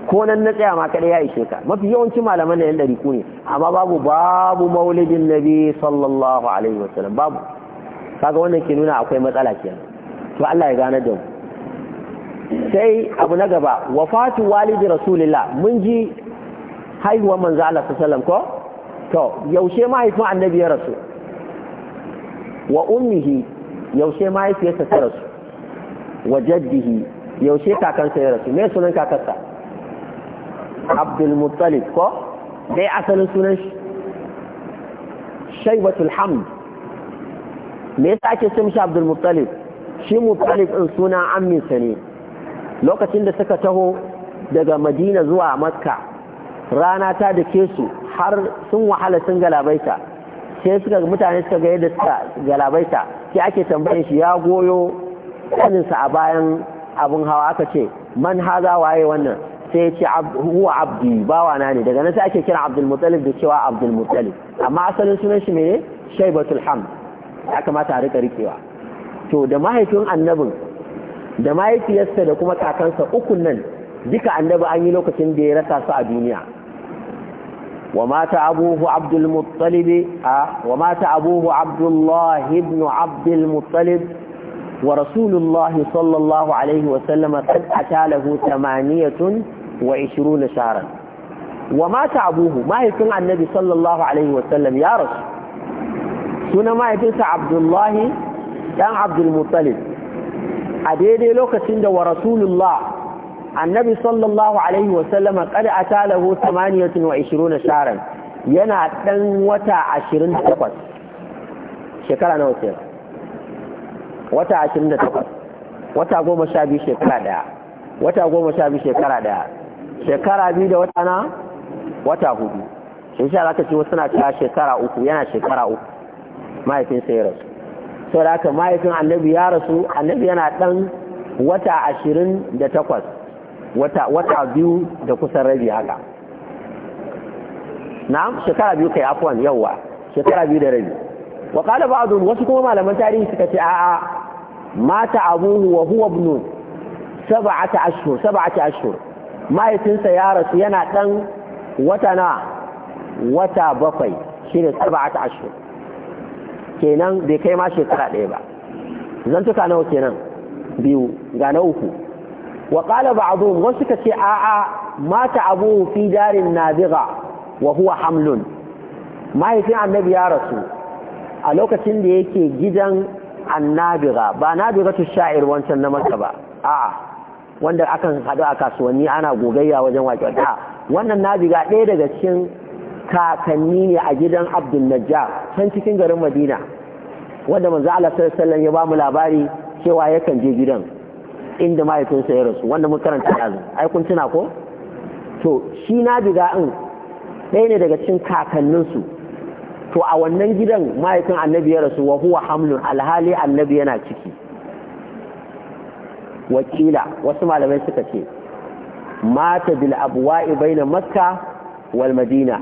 ko nan na tsaya ma kadai ya ishe ka mafi yawanci malaman da yan dariku ne amma babu babu maulidin nabi sallallahu alaihi wasallam babu kaga wannan ke nuna akwai matsala kenan to Allah ya gane da mu sai abu na gaba wafatu walidi rasulillah mun ji haihuwar manzo Allah sallallahu ko to yaushe mahaifin annabi ya rasu wa ummihi yaushe mahaifiyarsa ta rasu wa jaddihi yaushe kakansa ya rasu me sunan kakarsa abdulmuttalib ko dai asalin sunan shi shaibatul hamd me yasa ake ce shi abdulmuttalib shi muttalib din suna amminsa ne lokacin da suka taho daga madina zuwa makka rana ta da su har sun wahala sun galabaita sai suka mutane suka ga yadda suka galabaita sai ake tambayin shi ya goyo kaninsa a bayan abin hawa aka ce man haza waye wannan sai ya ce huwa abdi bawa na ne daga nan sai ake kira abdul muttalib da cewa abdul muttalib amma asalin sunan shi mene shaibatul ham ya kamata a rika rikewa to da mahaifin annabin da mahaifiyarsa da kuma kakansa ukun nan duka annabi an yi lokacin da ya rasa su a duniya wa mata abuhu abdul muttalib wa mata abuhu abdullah ibn abdul muttalib ورسول الله صلى الله عليه وسلم قد أتى له ثمانية wa ishiruna sharan wa mata abuhu mahaifin annabi sallallahu alaihi wasallam ya rasu suna mahaifinsa abdullahi dan abdulmuttalib a daidai lokacin da wa rasulullah annabi sallallahu alaihi wasallam kad ata lahu 28 sharan yana dan wata 28 shekara nawa ce wata 28 wata goma sha biyu shekara daya wata goma sha biyu shekara daya shekara biyu da wata na wata hudu shi sha ka ci wasu na cewa shekara uku yana shekara uku mahaifinsa ya rasu sau da haka mahaifin annabi ya rasu annabi yana dan wata ashirin da takwas wata biyu da kusan rabi haka na shekara biyu kai afuwan yawwa shekara biyu da rabi wa ba azu wasu kuma malaman tarihi suka ce a'a mata abu wa huwa ibnu sab'ata ashhur sab'ata ashhur mahaifinsa ya rasu yana ɗan wata na wata bakwai shi ne ta ashirin kenan bai kai ma shekara ɗaya ba Zan zantuka nawa kenan biyu ga na uku wa ƙala ba abu wasu ka ce a'a mata abu fi darin nabiga wa huwa hamlun mahaifin annabi ya rasu a lokacin da yake gidan annabiga ba nabiga tu sha'ir wancan na masa ba a'a wanda akan haɗu a kasuwanni ana gogayya wajen wake ta wannan nabiga ɗaya daga cikin kakanni ne a gidan abdul najjar can cikin garin madina wanda manzo Allah sallallahu ya ba mu labari cewa yakan je gidan inda mahaifinsa ya rasu wanda mun karanta yanzu ai kun tuna ko to shi nabiga in ɗaya ne daga cikin kakanninsu to a wannan gidan mahaifin annabi ya rasu wa huwa hamlun alhali annabi yana ciki wakila wasu malamai suka ce mata bil abwa'i baina makka wal madina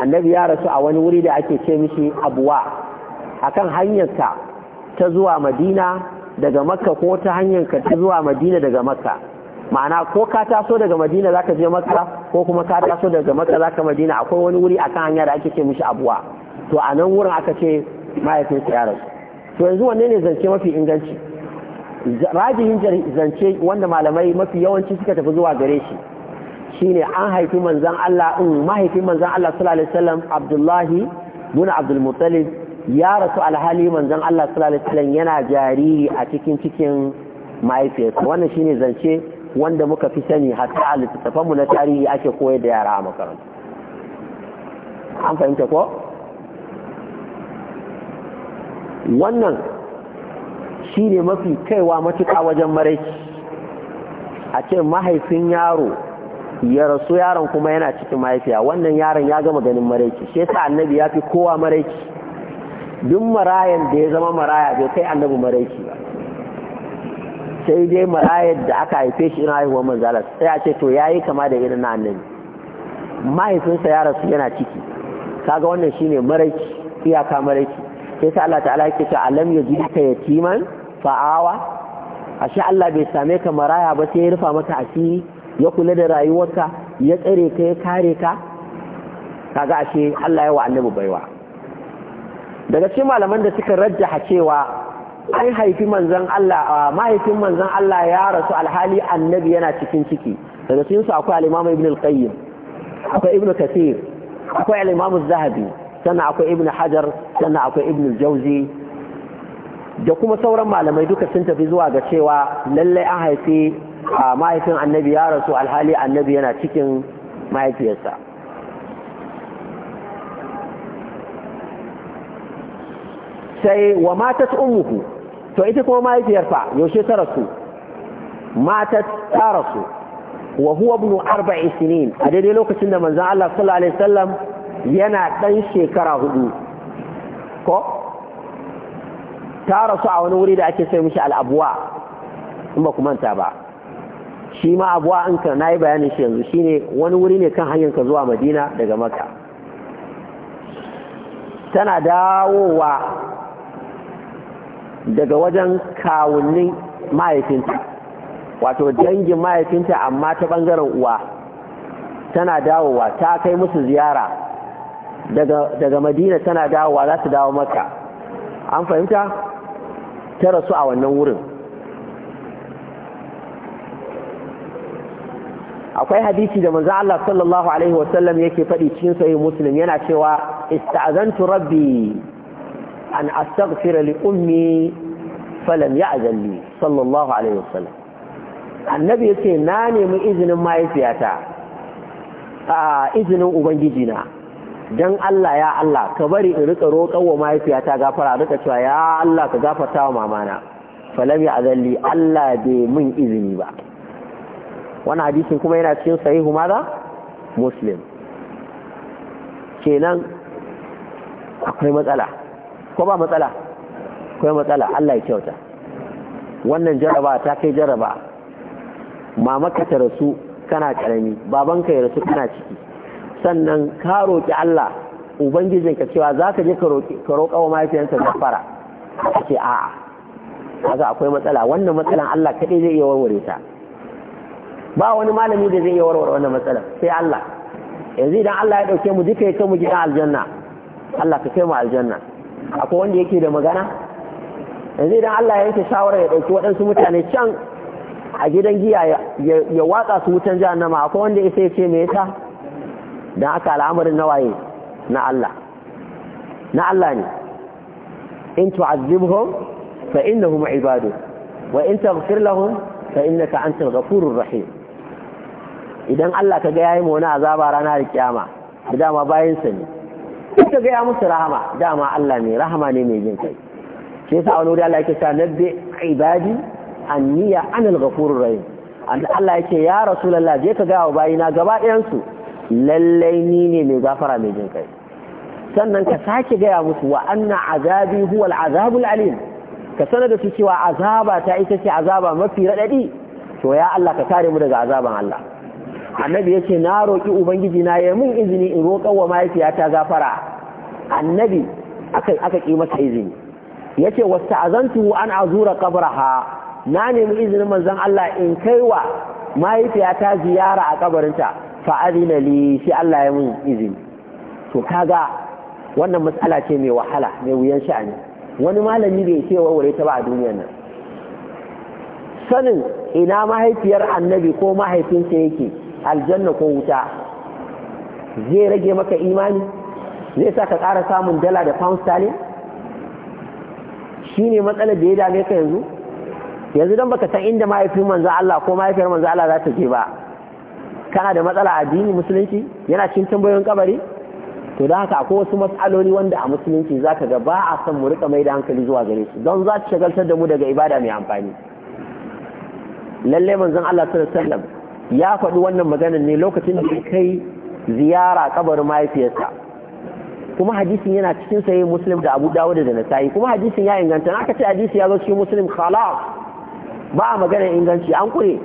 annabi ya rasu a wani wuri da ake ce mishi abwa akan hanyarka ta zuwa madina daga makka ko ta hanyarka ta zuwa madina daga makka ma'ana ko ka taso daga madina zaka je makka ko kuma ka taso daga makka zaka madina akwai wani wuri akan hanya da ake ce mishi abwa to a nan wurin aka ce mahaifinsa ya rasu to yanzu wanne ne zance mafi inganci rajihin zance wanda malamai mafi yawanci suka tafi zuwa gare shi shine an haifi manzan Allah in mm, mahaifin manzan Allah sallallahu alaihi wasallam Abdullahi bin Abdul Muttalib ya rasu alhali manzan Allah sallallahu alaihi wasallam yana jariri a cikin cikin mahaifiyarsa wannan shine zance wanda muka fi sani hatta a littattafan mu na tarihi ake koyar da yara a makaranta an fahimta ko wannan Shi ne mafi kaiwa matuƙa wajen maraici a ce mahaifin yaro ya rasu yaron kuma yana cikin mahaifiya wannan yaron ya gama ganin maraiki shi yasa annabi ya fi kowa maraici duk marayan da ya zama maraya bai kai annabi maraiki ba sai dai marayar da aka haife shi ina haihuwar manzalar sai a ce to ya yi kama da irin na annabi mahaifinsa ya rasu yana ciki kaga wannan shine maraici iyaka maraici sai sai Allah ta'ala yake cewa alam yajidka yatiman fa'awa ashe Allah bai same ka maraya ba sai ya rufa maka asiri ya kula da rayuwarka ya tsare ka ya kare ka kaga ashe Allah ya wa annabi baiwa daga cikin malaman da suka rajjaha cewa an haifi manzon Allah mahaifin manzon Allah ya rasu alhali annabi yana cikin ciki daga cikin su akwai al-Imam Ibn al-Qayyim akwai Ibn Kathir akwai al-Imam Az-Zahabi sannan akwai ibn hajar sannan akwai ibn jauzi da kuma sauran malamai duka sun tafi zuwa ga cewa lallai an haifi a mahaifin annabi ya rasu alhali annabi yana cikin mahaifiyarsa sai wa matat ummuhu to ita kuma mahaifiyar fa yaushe ta rasu matat ta rasu wa huwa ibn arba'i sinin a daidai lokacin da manzon Allah sallallahu alaihi wasallam yana ɗan shekara hudu ko ta rasu a wani wuri da ake sai mishi al'abuwa in ba manta ba shi ma abuwa in ka na yi bayanin shi yanzu shine wani wuri ne kan hanyar ka zuwa madina daga maka tana dawowa daga wajen kawunin mahaifinta wato dangin mahaifinta amma ta ɓangaren uwa tana dawowa ta kai musu ziyara daga madina tana dawowa za su dawo maka an fahimta ta rasu a wannan wurin akwai hadisi da manzo Allah sallallahu alaihi sallam yake faɗi cikin sahih muslim yana cewa Istazantu rabbi an astaghfira li ummi falam ya'zan li sallallahu alaihi sallam. annabi yace na nemi izinin mahaifiyata a izinin ubangijina dan Allah ya Allah ka bari in rika roƙon wa mahaifiyata gafara rika cewa ya Allah ka gafarta wa mamana falam ya azalli Allah bai min izini ba wannan hadisin kuma yana cikin sahihu da muslim kenan akwai matsala ko ba matsala akwai matsala Allah ya kyauta wannan jaraba ta kai jaraba mamaka ta rasu kana karami babanka ya rasu kana ciki sannan ka roƙi Allah ka cewa za ka je ka roƙa wa mahaifiyarsa gafara a ce a'a kaga akwai matsala wannan matsalan Allah kaɗai zai iya warware ta ba wani malami da zai iya warware wannan matsalan sai Allah yanzu idan Allah ya ɗauke mu duka ya kai mu gidan aljanna Allah ka kai mu aljanna akwai wanda yake da magana yanzu idan Allah ya yanke shawara ya ɗauki waɗansu mutane can a gidan giya ya watsa su wutan jahannama akwai wanda ya sai ce me yasa don haka al'amarin na waye na Allah na Allah ne in tu'azzibhum fa innahum ibadu wa in taghfir lahum fa innaka antal ghafurur rahim idan Allah ka ga yayi mu wani azaba ranar kiyama da dama bayin sa ne in ka ga ya musu rahama dama Allah ne rahama ne mai jin kai shi yasa wani wuri Allah yake ta nabbi ibadi anniya anil ghafurur rahim Allah yake ya rasulullah je ka ga wa bayina gaba ɗayan su lallai ni ne mai gafara mai jin kai sannan ka sake gaya musu wa anna azabi huwa al'azabul alim ka sanar da su cewa azaba ta ita ce azaba mafi raɗaɗi to ya Allah ka kare mu daga azaban Allah annabi yace na roki ubangiji na ya mun izini in roƙa wa mahaifiyata gafara annabi aka aka ki masa izini yace wasta'azantu an azura qabraha na nemi izinin manzon Allah in kai wa mahaifiyata ziyara a kabarinta fa'adina li shi Allah ya mun izini to kaga wannan matsala ce mai wahala mai wuyan sha'ani wani malami bai ce warware ta ba a duniyar nan sanin ina mahaifiyar annabi ko mahaifinsa yake aljanna ko wuta zai rage maka imani zai sa ka ƙara samun dala da pound sterling shi ne matsala da ya dame ka yanzu yanzu don baka san inda mahaifin manzo Allah ko mahaifiyar manzo Allah za ta je ba kana da matsala a addini musulunci yana cin tambayoyin kabari to da haka akwai wasu matsaloli wanda a musulunci ka ga ba a son mu rika mai da hankali zuwa gare su don za su shagaltar da mu daga ibada mai amfani lalle manzon Allah sallallahu alaihi wasallam ya faɗi wannan maganar ne lokacin da kai ziyara kabarin mahaifiyarsa kuma hadisin yana cikin sahih muslim da abu dawud da nasa'i kuma hadisin ya inganta Na ce hadisi ya zo cikin muslim khalas ba magana inganci an kure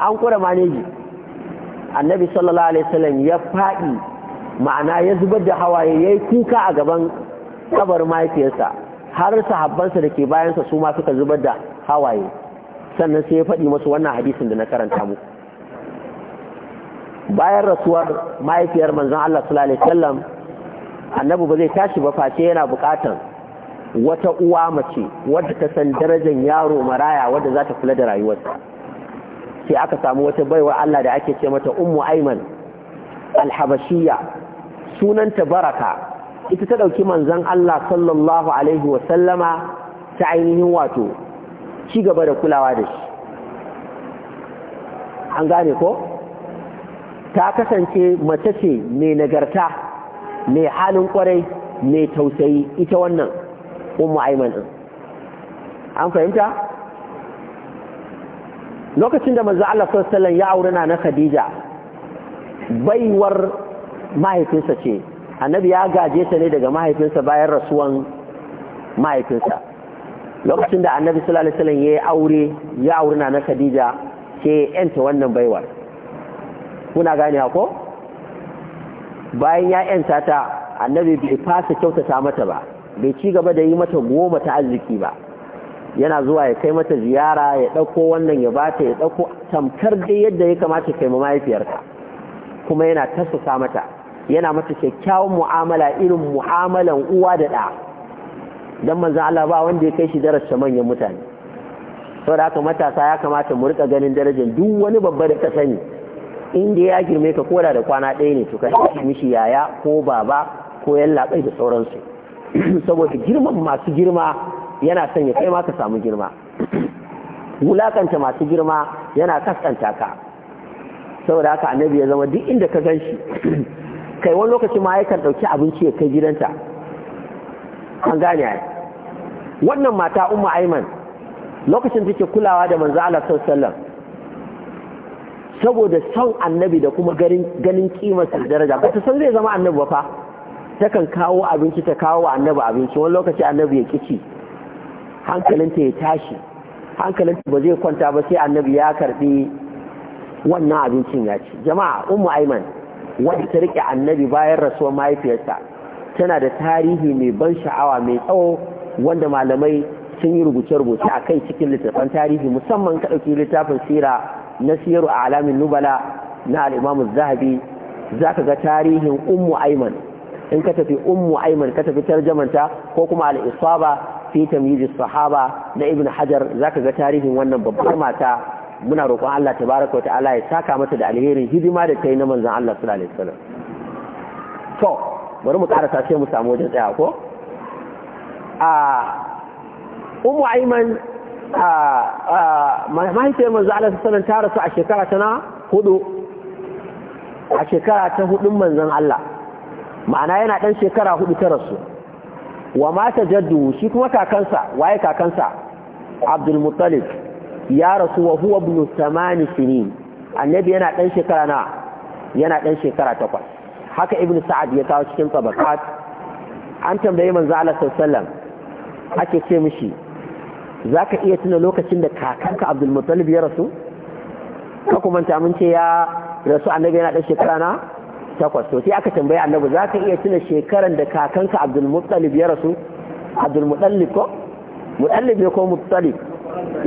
an kure maneji annabi sallallahu alaihi wasallam ya faɗi ma'ana ya zubar da hawaye yayi kuka a gaban kabar mahaifiyarsa har sahabbansa da ke bayansa su ma suka zubar da hawaye sannan sai ya faɗi masu wannan hadisin da na karanta muku bayan rasuwar mahaifiyar manzon Allah sallallahu alaihi wasallam annabi ba zai tashi ba face yana buƙatan wata uwa mace wadda ta san darajar yaro maraya wadda za ta kula da rayuwarsa sai aka samu wata baiwa Allah da ake ce mata ummu aiman alhabashiyya, sunanta baraka ita ta ɗauki manzon Allah sallallahu alaihi wa sallama ta ainihin wato ci gaba da kulawa da shi an gane ko ta kasance mace ce mai nagarta mai halin kwarai mai tausayi ita wannan ummu aiman din an fahimta lokacin da manzo Allah sallallahu alaihi ya aure na Khadija baiwar mahaifinsa ce annabi ya gaje ta ne daga mahaifinsa bayan rasuwan mahaifinsa lokacin da annabi sallallahu alaihi wasallam ya aure ya aure na Khadija ce yanta wannan baiwar kuna gane ko bayan ya yanta ta annabi bai fasa kyautata mata ba bai ci gaba da yi mata goma ta arziki ba yana zuwa ya kai mata ziyara ya ɗauko wannan ya ba ta ya ɗauko tamkar dai yadda ya kamata kai mahaifiyarka kuma yana tasasa mata yana mata kyakkyawan mu'amala irin mu'amalan uwa da ɗa don manzan Allah ba wanda ya kai shi darasta manyan mutane Sau da haka matasa ya kamata mu rika ganin darajar duk wani babba da ka sani inda ya girme ka koda da kwana ɗaya ne to shi mishi yaya ko baba ko yallaɓai da sauransu saboda girman masu girma yana son ya kai ma ka samu girma wulakanta masu girma yana kaskanta ka saboda haka annabi ya zama duk inda ka gan shi kai wani lokaci ma yakan ɗauki abinci ya kai gidanta an gane ai wannan mata umma aiman lokacin take kulawa da manzo Allah sallallahu saboda son annabi da kuma ganin kima sa daraja ba ta san zai zama annabi ba fa takan kawo abinci ta kawo wa annabi abinci wani lokaci annabi ya kici hankalinta ya tashi hankalinta ba zai kwanta ba sai annabi ya karbi wannan abincin ya ci jama'a ummu aiman wadda ta rike annabi bayan rasuwar mahaifiyarsa tana da tarihi mai ban sha'awa mai tsawo wanda malamai sun yi rubuce-rubuce a kai cikin littattafan tarihi musamman ka ɗauki littafin sira na siyaru a alamin nubala na al'imamu zahabi za ka ga tarihin ummu aiman in ka tafi ummu aiman ka tafi tarjamanta ko kuma al'isaba fi tamyiz sahaba na ibn hajar zaka ga tarihin wannan babbar mata muna roƙon Allah tabaraka wa ta'ala ya saka mata da alheri hidima da kai na manzon Allah sallallahu alaihi wasallam to bari mu karasa sai mu samu wajen tsaya ko a ummu ayman a mahaifiyar manzon Allah sallallahu alaihi wasallam ta rasu a shekara ta hudu a shekara ta hudun manzon Allah ma'ana yana dan shekara hudu ta rasu wa mata jaddu shi kuma kakansa waye kakansa abdul muttalib ya rasu wa huwa ibn samani sinin annabi yana dan shekara na yana dan shekara takwas haka ibn sa'ad ya kawo cikin tabakat an tambaye manzo Allah sallallahu ake ce mishi zaka iya tuna lokacin da kakanka abdul muttalib ya rasu ka kuma ta mun ce ya rasu annabi yana dan shekara na takwas to sai aka tambaye annabi za ka iya tuna shekaran da kakanka abdulmuttalib ya rasu abdulmuttalib ko muttalib ne ko muttalib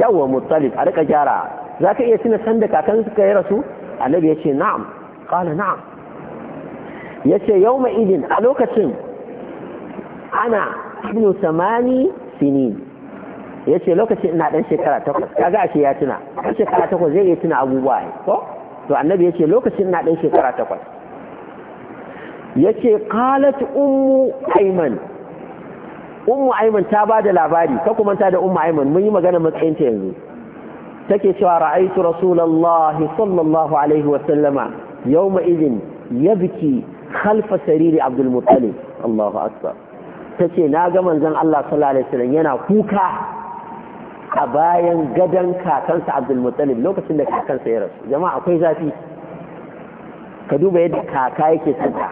yawwa muttalib a rika gyara za ka iya tuna sanda kakansa ya rasu annabi ya ce na'am qala na'am ya ce yau mai idin a lokacin ana ibnu samani sini ya ce lokacin ina dan shekara takwas kaga a ce ya tuna dan shekara takwas zai iya tuna abubuwa ko to annabi ya ce lokacin ina dan shekara takwas Yake qalat ummu ayman ummu ayman ta bada labari ka kuma ta da ummu ayman mun yi magana matsayin ta yanzu take cewa ra'aytu rasulullahi sallallahu alaihi wa sallama yawma idin yabki khalfa sariri abdul muttalib Allahu akbar tace na ga manzon Allah sallallahu alaihi wasallam yana kuka a bayan gadon kakansa Abdul Muttalib lokacin da kakansa ya rasu jama'a akwai zafi ka duba yadda kaka yake santa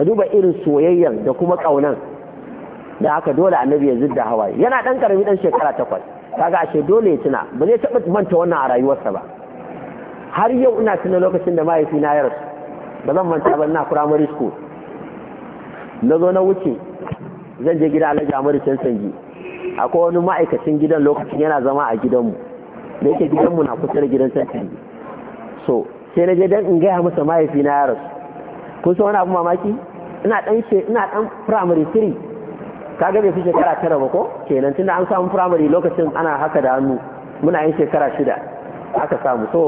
ka duba irin soyayyar da kuma ƙaunan da aka dole annabi ya zidda hawaye yana ɗan ƙarami ɗan shekara takwas kaga ashe dole ya tuna ba zai taɓa manta wannan a rayuwarsa ba har yau ina tuna lokacin da mahaifina ya rasu ba zan manta ba ina primary school na zo na wuce zan je gida alhaji amadu can sanji akwai wani ma'aikacin gidan lokacin yana zama a gidanmu da yake gidanmu na kusa da gidan can sanji so sai na je dan in gaya masa mahaifina ya rasu kun san wani abu mamaki ina dan ina dan primary 3 kaga bai fi shekara tara ba ko kenan tunda an samu primary lokacin ana haka da hannu muna yin shekara shida aka samu so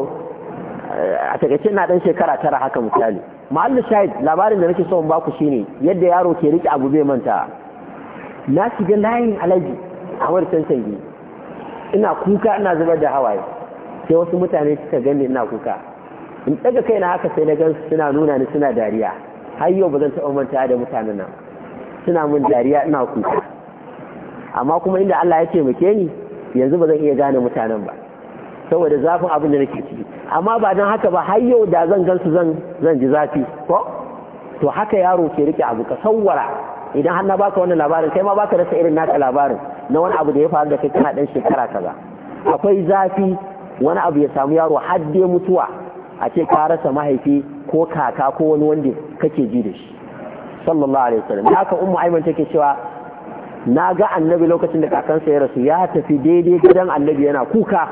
eh, a takaice ina dan shekara tara haka misali ma'allu shahid labarin da nake so in baku shine yadda yaro ke rike abu bai manta na shiga layin alaji a wancan sanyi ina kuka ina zubar da hawaye sai wasu mutane suka gani ina kuka in daga kaina haka sai na gansu suna nuna ni suna dariya har yau ba zan taɓa manta da mutanen nan suna mun dariya ina kuka amma kuma inda Allah ya taimake ni yanzu ba zan iya gane mutanen ba saboda zafin abin da nake ciki amma ba don haka ba har yau da zan gansu zan zan ji zafi ko to haka yaro ke rike abu ka sawwara idan har na baka wannan labarin kai ma baka rasa irin naka labarin na wani abu da ya faru da kai kana dan shekara kaza akwai zafi wani abu ya samu yaro har dai mutuwa a ce ka rasa mahaifi ko kaka ko wani wanda kake ji da shi sallallahu alaihi wasallam haka ummu aiman take cewa na ga annabi lokacin da kakansa ya rasu ya tafi daidai gidan annabi yana kuka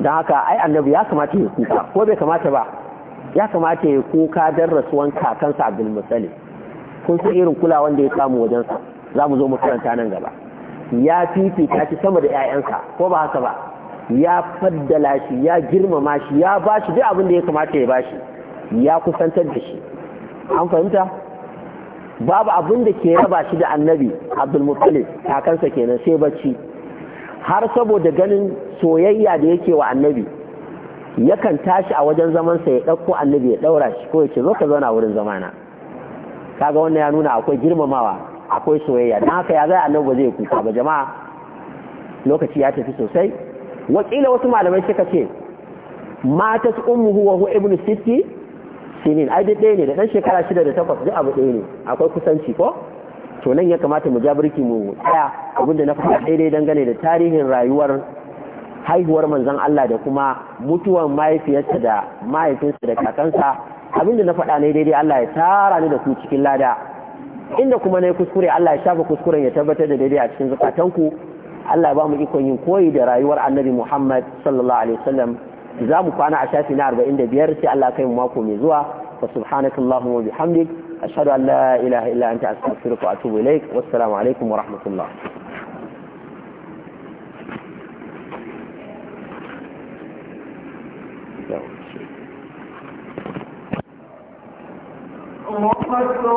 don haka ai annabi ya kamata ya kuka ko bai kamata ba ya kamata ya kuka don rasuwan kakansa abdul musali kun san irin kulawan da ya samu wajensa za mu zo mu karanta nan gaba ya fifita shi sama da 'ya'yansa ko ba haka ba ya faddala shi ya girmama shi ya ba shi duk abin da ya kamata ya ba shi ya kusantar da shi an fahimta babu abin da ke raba shi da annabi abdulmuttalib kakansa kenan sai bacci har saboda ganin soyayya da yake wa annabi yakan tashi a wajen zamansa ya ɗauko annabi ya ɗaura shi ko ya ce zo ka zauna wurin zamana kaga wannan ya nuna akwai girmamawa akwai soyayya don haka ya zai annabi ba zai kuka ba jama'a lokaci ya tafi sosai wakila wasu malamai suka ce matas ummuhu wa huwa ibnu sitti sinin ai ɗaya ne da ɗan shekara shida da takwas duk abu ɗaya ne akwai kusanci ko to nan ya kamata mu ja birki mu tsaya abinda na faɗa daidai dangane da tarihin rayuwar haihuwar manzon Allah da kuma mutuwar mahaifiyarsa da mahaifinsa da kakansa abin da na faɗa ne daidai Allah ya tara ni da ku cikin lada inda kuma na yi kuskure Allah ya shafa kuskuren ya tabbatar da daidai a cikin zukatanku Allah ba mu ikon yin koyi da rayuwar annabi Muhammad sallallahu alaihi wasallam za mu kwana a shafi na biyar sai Allah kai mu mako mai zuwa wa subhanakallahumma wa bihamdik ashhadu an la ilaha illa anta astaghfiruka wa atubu ilaik wassalamu alaikum wa rahmatullah الله أكبر الله